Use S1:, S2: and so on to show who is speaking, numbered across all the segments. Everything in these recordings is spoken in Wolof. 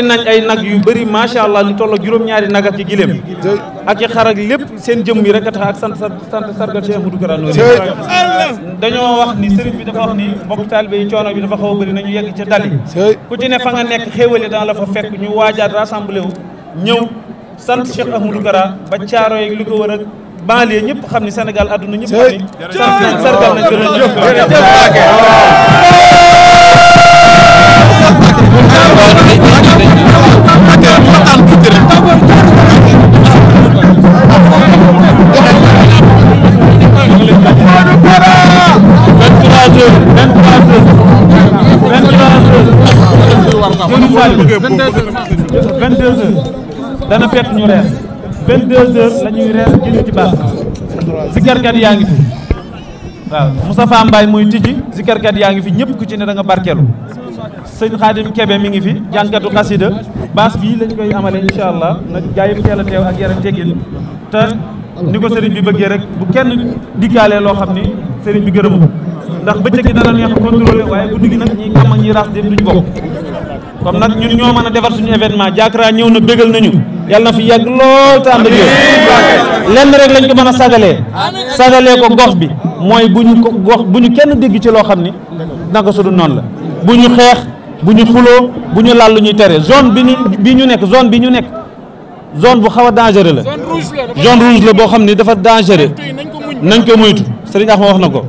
S1: rey nañ ay nag yu bëri macha allah li toll ak juróom-ñaari nag ak ci gileem. ak i xar ak lépp seen jëmm yi rek a tax ak sant sargal Cheikh Modou Kara Ndoye dañoo a bëri nañu yegg ca dali ku ci ne fa nga nekk xéewale dana la fa fekk ñu waajaat rassemblé wu ñëw sant Cheikh Ahmadou Kara ba caaro yeeg li ko wër ak banlieue ñëpp xam ni Sénégal àdduna ñëpp xam ni sant nañ sargal nañ ko 22 heures 22 dana fekk ñu reer 22 heures la ñuy reer jënd ci baax yaa ngi fi waaw Moustapha Mbaye mooy tijji zikarkat yaa ngi fi ñëpp ku ci ne danga nga barkeelu sëñ Xaadim Kebe mi ngi fi jànkatu xasida baas bii lañ koy amale incha allah nag gaayum teel teew ak yaram teggin te ni ko sëriñ bi bëggee rek bu kenn dikkaalee loo xam ni sëriñ bi gërëmu ndax bëccëg gi dana neex contrôlé waaye guddi gi nag ñi gam ak ñi dem duñu bokk comme nag ñun ñoo mën a defar suñu événement Diakra ñëw na bégal nañu yàlla na fi yàgg lool te ànd rek lañ ko mën a sagalee sagalee ko gox bi mooy bu ko gox bu ñu kenn dégg ci loo xam ni naka su la bu ñu xeex bu ñu xuloo bu ñu laal lu ñuy tere zone bi ñu bi ñu nekk zone bi ñu nekk zone bu xaw a dangereux la zone rouge la boo xam ni dafa dangereux nañ ko moytu Serigne Axma wax na ko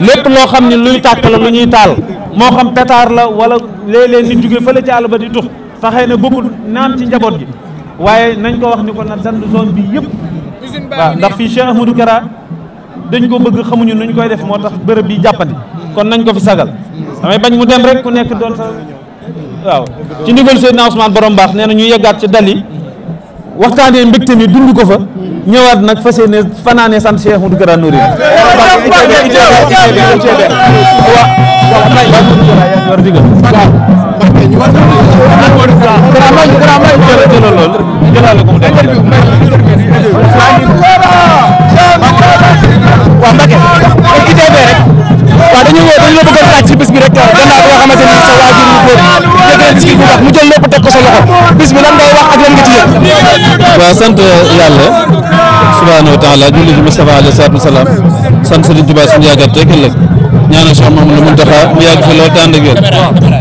S1: lépp loo xam ni luy tàkk la lu ñuy taal moo xam pétard la wala léeg-léeg nit jóge fële ci àll ba di tux te na bëggul naan ci njaboot gi waaye nañ ko wax ni ko na dand zone bi yépp waaw ndax fii Cheikh Ahmadou Kara dañ ko bëgg xamuñu nuñ koy def moo tax bërëb bi jàppandi kon nañ ko fi sagal damay bañ mu dem rek ku nekk doon sa waaw ci ndigal Seydina Ousmane borom baax nee na ñu yeggaat ci dal yi waxtaanee mbégte mi dund ko fa ñëwaat nag fas yéene fanaane sant Cheikh Modou Kara Nourine waaw Mbacke waaw dañu ñëw dañu la bëgg a laaj ci bis bi rek gannaaw bi nga xamante ni sa waajur yu góor yëkkale bis bi bu baax mu jël lépp teg ko sa loxo bis bi lan ngay Mustafa alayhi salaatu wa salaam sant Serigne Touba suñu yaakaar teg ëllëg ñaanal Cheikh fi lool tànd ak yéen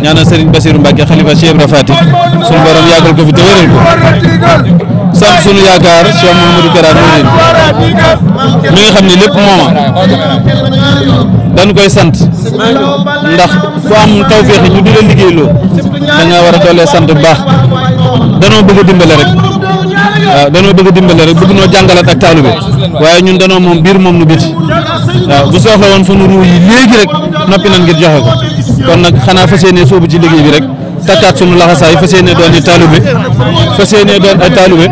S1: ñaanal Serigne Bassirou Mbacke xalifa Cheikh Ibra Fati suñu borom yàggal ko fi xam ne lépp mooma danu koy sant ndax ku am tawféex ñu di la liggéeyloo da nga war a doolee sant bu baax danoo bëgg a dimbale rek waaw danoo bëgg a dimbale rek bëgg noo jàngalaat ak taalu bi waaye ñun danoo moom biir moom nu biti waaw bu soxla woon sunu nu yi léegi rek noppi nan ngir joxe ko kon nag xanaa fas yéene soobu ci liggéey bi rek. takkaat sunu laxasaay fas yéene doon i taalibe fas yéene doon ay taalibe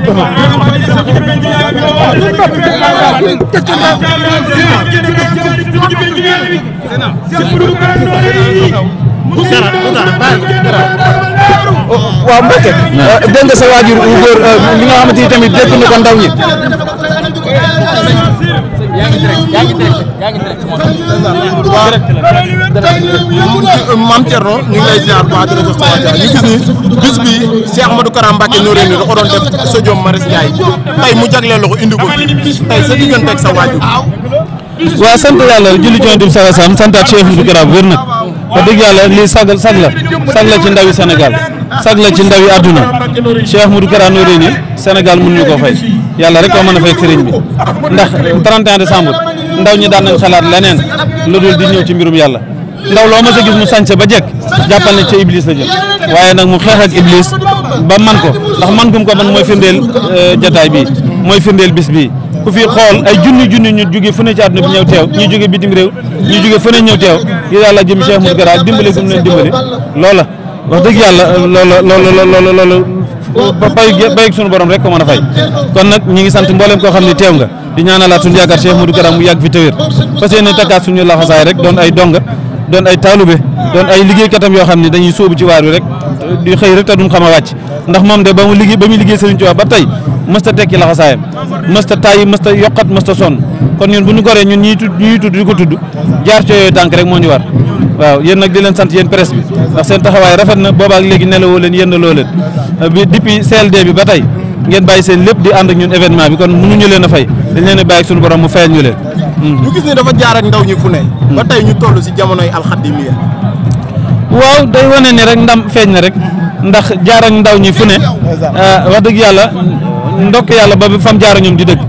S1: waaw Mbacke dégg nga sa waajur wu góor euh, li nga xamante ni tamit dégg na ko ndaw ñi yaa ngi direct yaa lay ziar bu baax di la jox sa ñu gis ni bis bi Cheikh Amadou Kara Mbacké Noreyni da ko doon def sa jom Maris Ndiaye tey mu jagleel la ko tey sa digganteeg sa waajur. waaw sant yàlla julli ci Yonent bi sallallahu alayhi wasallam santaat Cheikh Amadou Kara wér nag wax dëgg yàlla lii sag sag la sag la ci ndawi Sénégal sag la ci ndawi àdduna Cheikh Modou Kara Noreyni Sénégal mën ñu ko fay yàlla rek ko mën a fay sëriñ bi ndax 31 décembre ndaw ñi daan nañ xalaat leneen lu di ñëw ci mbirum yàlla ndaw loo mës a gis mu sañse ba jekk jàppal ne ca Iblis la jëm waaye nag mu xeex Iblis ba man ko ndax man gum ko man mooy firndeel euh, jataay bi mooy firndeel bis bi ku fi xool ay junni junni ñu jóge fu ne ci àdduna bi ñëw teew ñu jóge bitim réew ñu jóge fu ne ñëw teew yi yàlla jëm ba bayug bayug sunu borom rek ko mën a fay kon nag ñi ngi sant mboolem koo xam ne teew nga di ñaanalaat suñu yaakaar Cheikh Modou Kara mu yàgg fi tëwër fas yéene takkaat suñu laxasaay rek doon ay donga doon ay yoo xam ne dañuy sóobu ci rek xëy rek te duñ xam a ndax moom ba mu liggéey ba muy liggéey Serigne ba tey mësta tekki laxasaayam mësta tàyyi mësta yokkat mësta sonn kon ñun bu ñu goree ñun ñuy tudd ñuy tudd di ko tudd jaar ci yooyu tànk rek moo ñu war waaw yéen nag di leen sant yéen presse bi ndax seen taxawaay rafet na boobaak léegi nelawoo leen yéen loo leen Euh, bi depuis CLD bi ba tey ngeen bàyyi seen lépp di ànd ak ñun événement bi kon ñu leen a fay dañ leen a bàyyi suñu borom mu fayal hmm. ñu leen. gis ne dafa jaar ndaw ñi fu ne. Hmm. ba tey ñu toll si jamonoy alxadimiya. waaw day wane ne rek ndam feeñ na rek ndax jaaral ndaw ñi fu ne euh, wax dëgg yàlla ndokk yàlla ba fam jaar ñoom di dëgg.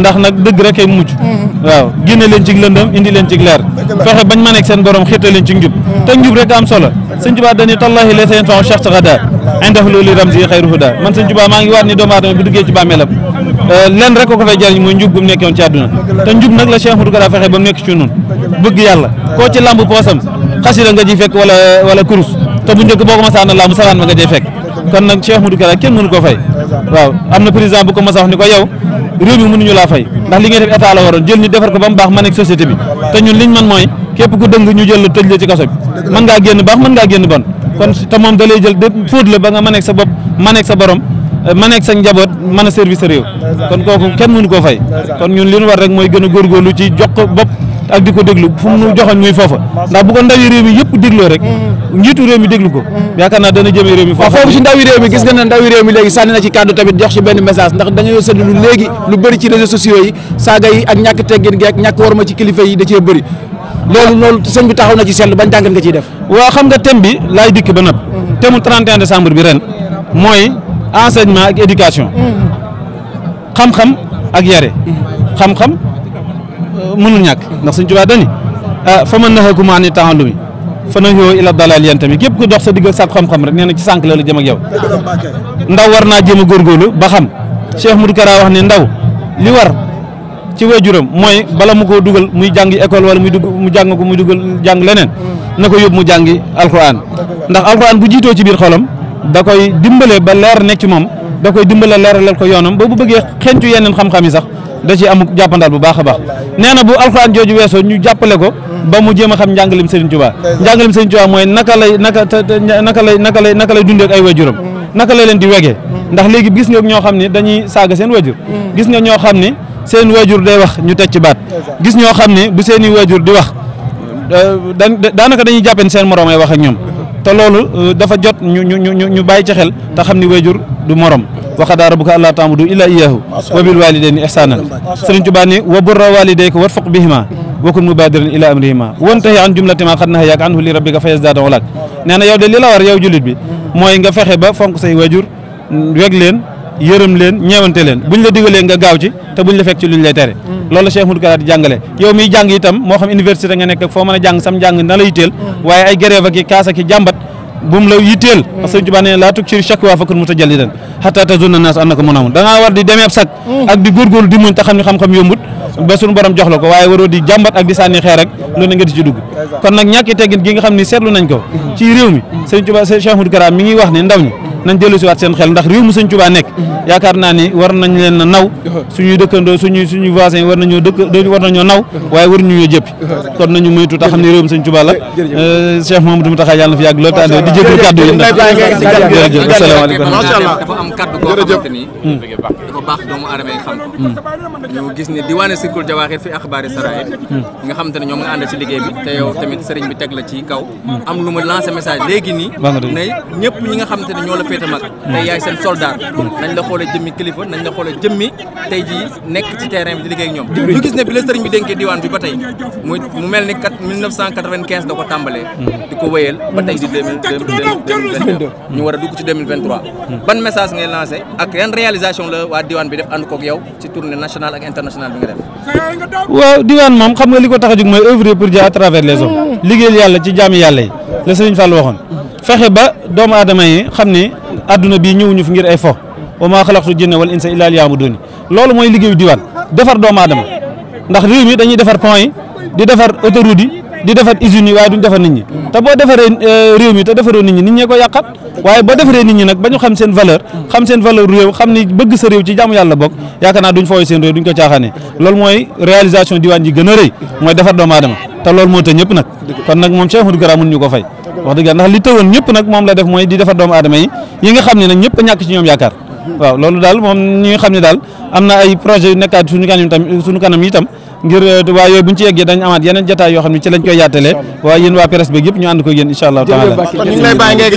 S1: ndax nag dëgg rek ay mujj. Hmm. waaw génne leen ci lëndëm indi leen ci leer. fexe bañ ma nekk seen borom xiirte leen ci njub. te njub rek am solo. sëñ Tuubaa dañuy tallaahi la seen faxu cheikh indax loolu ram si xayru huda man sëñ Tuubaa maa ngi waat ni doomu aadama duggee ci bàmmeelam euh, lenn rek ko ko jariñ mooy njub bu mu ci àdduna te njub nag la Cheikh mu nekk ci yàlla koo ci lamb poosam xasida nga ji fekk wala wala boo ko masaana lamb sawaan ma kon nag Cheikh Ahmadou Kara kenn mënu ko fay waaw am na président bu ko mas ni ko yow réew mi mënuñu laa fay ndax li ngay def état la waroon jël ñu defar ko ba mu baax man ak société bi te ñun liñ man mooy képp ku dëng ñu jël la tëj la ci kaso bi mën ngaa génn baax mën ngaa génn bon kon te moom da lay jël de fóot la ba nga mën sa bopp mën nekk sa borom mën a sa njaboot mën a service réew kon kooku kenn mënu koo fay kon ñun li ñu war rek mooy gën a góorgóorlu ci jox ko bopp ak di ko déglu fu mu nu joxoon muy foofa ndax bu ko ndawi réew mi yëpp dégloo rek njiitu réew mi déglu ko yaakaar naa dana jëmee réew mi foofa foofu ci ndawi réew mi gis nga ne ndawi réew mi léegi sànni na ci kàddu tamit jox ci benn message ndax dañoo sëdd lu léegi lu bëri ci réseaux yi ak ñàkk teggin gi ak ñàkk warma ci kilifa yi da cee bëri loolu loolu sëñ bi taxaw na ci seetlu bañ jàngat nga ciy def. waaw xam nga thème bi laay dikk ba nëb. Mhm. thème mu 31 décembre bi ren mooy enseignement ak éducation. Mhm. xam-xam ak yare. Mhm. xam-xam euh, mënul ñàkk ndax suñ tubaab dañuy ah fa ma naxeeku maa ni taxandumi fa naxoo ila dalal yéen tamit képp ku dox sa digg ak sàkk xam-xam rek nee na ci sànq la la jëm ak yow. ndaw war naa jéem a góorgóorlu ba xam Cheikh Moudou Kara wax ne ndaw li war. ci waajuram mooy bala mu koo dugal muy jàngi école wala muy dugg mu jàng ko muy dugal jàng leneen na ko yóbbu mu jàngi alxuraan ndax alxuraan bu jiitoo ci biir xolam da koy dimbale ba leer ne ci moom da koy dimbale leer leeralal ko yoonam ba bu bëggee xencu yeneen xam-xam yi sax da ci am jàppandal bu baax a baax nee na bu alxuraan jooju weesoo ñu jàppale ko ba mu jëm a xam njàngalim Serigne Touba njàngalim Serigne Touba mooy naka lay naka naka lay naka lay naka lay dundee ak ay waajuram naka lay leen di wegee ndax léegi gis nga ñoo xam ne dañuy saaga seen waajur gis nga seen waajur day wax ñu teg ci baat gis ñoo xam ne bu seen i waajur di wax euh, daanaka dañuy jàppe ni seen morom ay wax ak ñoom te loolu euh, dafa jot ñu ñu ñu ñu bàyyi ci xel te xam ni waajur du morom wa qadaa rabbuka allaa ta'budu illaa iyyaahu wa bil waalidayni ihsaanan Sëriñ Tuubaa ne wa birra waalidayka warfuq bihimaa wa kun mubaadiran ilaa amrihima wantahi an jumlati maa qad nahaaka anhu li rabbika fayazdaada ulaaka nee na yow de li la war yow jullit bi mooy nga fexe ba fonk say waajur leen yërëm leen ñeewante leen buñ la digalee nga gaaw ci te buñ la fekk ci luñ lay tere loolu la Cheikh Modou Kara di jàngale yow miy jàng itam moo xam université nga nekk foo mën a jàng sam jàng na la la yitteel parce que Sëñ Tuubaa nee war di demee ab sag ak di góorgóorlu di muñ te xam ne xam-xam yombut ba suñu borom jox la ko waaye waroo di jàmbat ak di sànni xeer ak loolu na nga di ci dugg kon nag ñàkki teggin gi nga xam ne seetlu nañ ko ci réew mi Sëñ Tuubaa Cheikh Modou mi ngi wax ne ndaw ñi nañ dellu si waat seen xel ndax réew mu sëñ Tuubaa nekk yaakaar naa ni war nañ leen na naw suñuy dëkkandoo suñuy suñuy voisin war nañoo dëkk war nañoo naw waaye war ñu ñoo jëppi kon nañu moytu te xam ne réew mu sëñ Tuubaa moom du Mamadou taxa yàlla na fi yàgg lool te ànd di jéggal kàddu yi jërëjëf asalaamaaleykum baax doomu aadama xam ko mm. gis ne diwaane Sirkul Jawaaxir fi axbaari saraayir mm. nga xam ñoom nga àndal ci liggéey bi te tamit sëriñ bi teg la ci kaw mm. am lu ma lancé message léegi nii ne ñëpp nga xam ñoo la féete mag tey yaay seen soldat nañ la jëmmi kilifa nañ la jëmmi tey ji nekk ci terrain bi di liggéey ñoom ñu gis ne bi sëriñ bi dénkee diwaan bi ba tey mu mel ni 1995 da ko tàmbalee di ko wéyal ba tey di ñu war a dugg ci ban message diwaan bi def ànd koog yow ci tournée nationale ak internationale bi nga def. waaw diwaan moom xam nga li ko tax a jóg mooy œuvre pour Dieu à travers les hommes mm. liggéeyal yàlla ci jaami yàlla yi la Serigne Fall waxoon fexe ba doomu aadama yi xam ne adduna bii ñëwuñu fi ngir ay fo wa maa xalaqtu jinna wal insa illaa liya'budun loolu mooy liggéeyu diwaan defar doomu aadama ndax réew mi dañuy defar pont yi di defar autoroute yi di defar usines yi waaye duñ defar nit ñi te boo defaree euh, réew mi te defaroo nit ñi nit ñee ko yàqat waaye boo defaree nit ñi nag ba ñu xam seen valeur xam seen valeur réew xam ni bëgg sa réew ci jàmm yàlla bokk yaakaar naa duñ fooy seen réew duñ ko caaxaane loolu mooy réalisation diwaan ji gën a rëy mooy defar doomu aadama te loolu moo tax ñëpp nag kon nag moom Cheikh Ahmadou Kara mun ñu ko fay wax dëgg yàlla ndax li tëwoon ñëpp nag moom la def mooy di defar doomu aadama yi ne nag a na ay projet yu nekkaat kanam itam ngir eh, waa yooyu bu ñu ci yeggee dañ amaat yeneen jataay yoo xam ne ci lañ koy yaatalee waaye yéen waa presse bi ñu ànd ko yéen incha allah taala